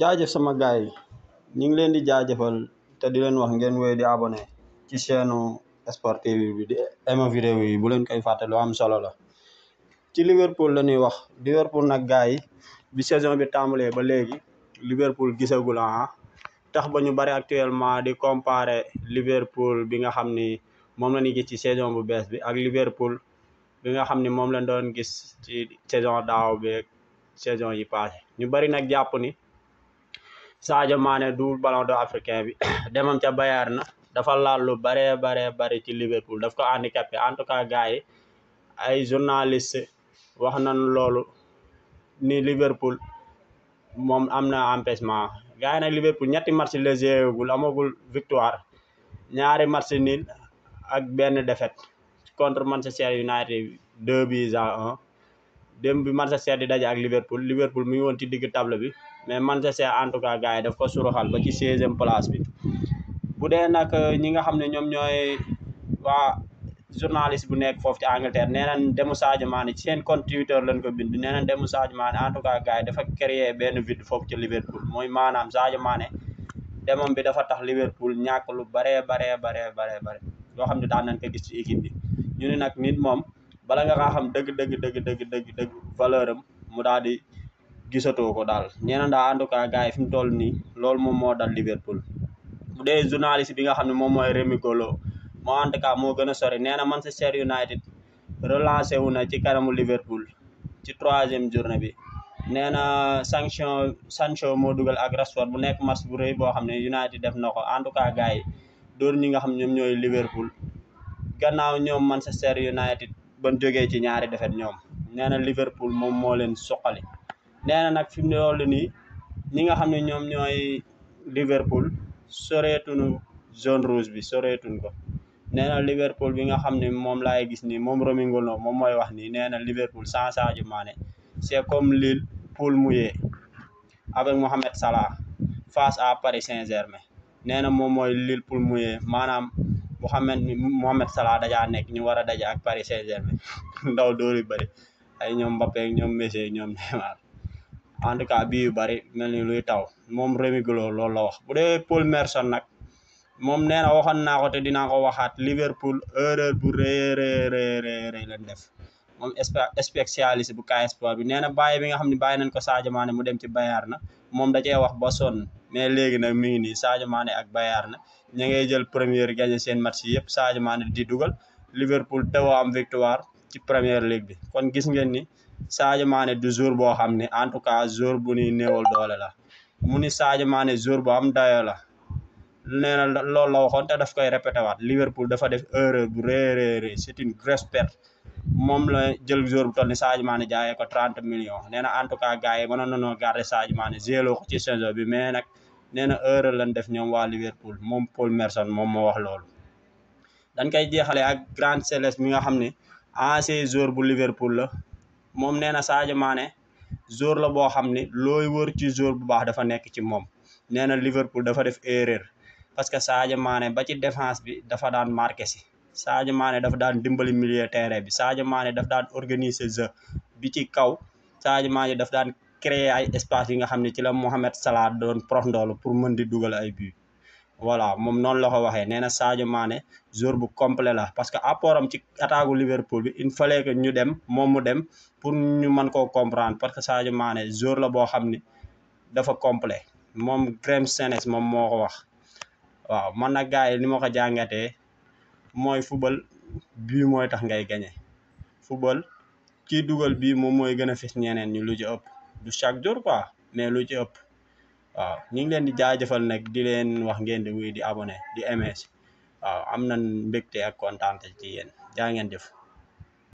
jaajëf sama gaay yi ñu ngi leen di jaajëfal te di leen wax ngeen wéy di abonné ci seenu Sport TV bi di aimé vidéo yi bu leen koy fàtte lu am solo la ci Liverpool la ñuy wax Liverpool nag gaay yi bi saison bi tàmbalee ba léegi Liverpool gisagul ah tax ba ñu bari actuellement di comparer Liverpool bi nga xam ni moom la ñuy gis ci saison bu bees bi ak Liverpool bi nga xam ni moom lañ doon gis ci saison daaw bi saison yi passé ñu bari nag jàpp ni Sadio Mané du ballon d'or africain bi demam ca Bayern na dafa laal lu baree baree ci Liverpool daf ko handicapé en tout cas gars yi ay journaliste wax na loolu ni Liverpool moom am na empêchement gars yi Liverpool ñetti match la jeegul amagul victoire ñaari match nil ak benn défaite contre Manchester United deux buts à démb bi Manchester di daje ak Liverpool Liverpool mu ngi woon ci digg table bi mais Manchester en tout cas gars yi daf ko suruxal ba ci seizième place bi bu dee nag euh, ñi nga xam ne ñoom ñooy waa journaliste bu nekk foofu ci Angleterre nee nañ demu Sadio Mané ci seen compte Twitter lañ ko bind nee nañ demu Sadio Mané en tout cas gars yi dafa créer benn vide foofu ci Liverpool mooy maanaam Sadio Mané demam bi dafa tax Liverpool ñàkk lu baree baree baree baree bare yoo xam ne daan nañ ko gis ci équipe bi ñu ne nag nit moom bala nga kaa xam dëgg dëgg dëgg dëgg dëgg dëgg valeur mu daal di gisatoo ko daal nee na daal en tout cas gars yi fi mu toll nii loolu moom moo dal Liverpool mu dee journaliste bi nga xam ne moom mooy Rémi moo en tout moo gën a sori nee na Manchester United relancé wu na ci kanamu Liverpool ci troisième journée bi nee na sanction Sancho moo dugal ak Rashford bu nekk march bu rëy boo xam ne United def na ko en tout cas yi dóor ñi nga xam ñoom ñooy Liverpool gannaaw ñoom Manchester United ban jógee ci ñaari defet ñoom nee na Liverpool moom moo leen suqali nee na nag fi mu toll nii ñi nga xam ne ñoom ñooy Liverpool soreetunu zone rouge bi soreetun ko nee na Liverpool bi nga xam ne moom laay gis nii moom Romain moom mooy wax ni nee na Liverpool sans Sadio Mané c'est comme Lille poule mouillée avec Mohamed Salah face à Paris Saint-Germain nee na moom mooy Lille poule mouillée maanaam. Mouhamed Mohamed Salah dajaa nekk ñu war a daja ak Paris Saint-Germain ndaw dóor yu bëri ay ñoom Mbappé ñoom Messi ñoom Neymar en tout cas bii yu mel ni luy taw moom Rémi Guélo la wax bu dee Paul Merson nag moom nee na waxoon naa ko te ko waxaat Liverpool erreur bu rëy rëy rëy rëy leen def moom spécialiste bu K Sport bi nee na bàyyi bi nga xam ne bàyyi nañ ko Sadio Mané mu dem ci bayaar na moom da wax ba sonn mais léegi nag mi ngi nii Sadio Mané ak Bayern na ña ngay jël première gagné seen match yi yëpp Sadio Mané di dugal Liverpool tewoo am victoire ci première ligue bi kon gis ngeen ni Sadio Mané du jour boo xam ne en tout cas jour bu ñuy néewal doole la mu ni Sadio maane jour boo am dayo la nee na loolu la waxoon te daf koy répété waat Liverpool dafa def erreur bu rëy a rëy c'est une grosse perte la jël jour bu toll ni Sadio Mané jaayee ko trente millions nee na en tout cas gars yi mënoon bi mais nag. nee na heure lañ def ñoom waa Liverpool moom Paul Merson moom moo wax loolu. dañ koy jeexale ak Grand Céleste mi nga xam ne ancien joueur bu Liverpool la moom nee na Sadio Mané joueur la boo xam ne looy wër ci joueur bu baax dafa nekk ci moom nee na Liverpool dafa def erreur parce que Sadio maane ba ci défense bi dafa daan marqué si Sadio maane dafa daan dimbali millier terrain bi Sadio Mané dafa daan organiser jeu bi ci kaw Sadio Mané dafa daan créer ay espace yi nga xam ne ci la Mohamed Salah doon prof ndoolu pour mën di dugal ay bi voilà moom noonu la ko waxee nee na Sadio Mané joueur bu complet la parce que apport am ci attaque Liverpool bi il fallait que ñu dem moom mu dem pour ñu mën koo comprendre parce que Sadio maane joueur la boo xam ni dafa complet moom Graham Souness moom moo ko wax waaw man na gaay yi ni ma ko jàngatee mooy football bi mooy tax ngay gañe football ki dugal bii moom mooy gën a fis ñeneen du chaque jour quoi mais lu ci ëpp waaw ñu ngi leen di jaajëfal nag di leen wax ngeen di wuy di abone di aimer waaw am nañ mbégte ak kontaan ci yéen jaa ngeen jëf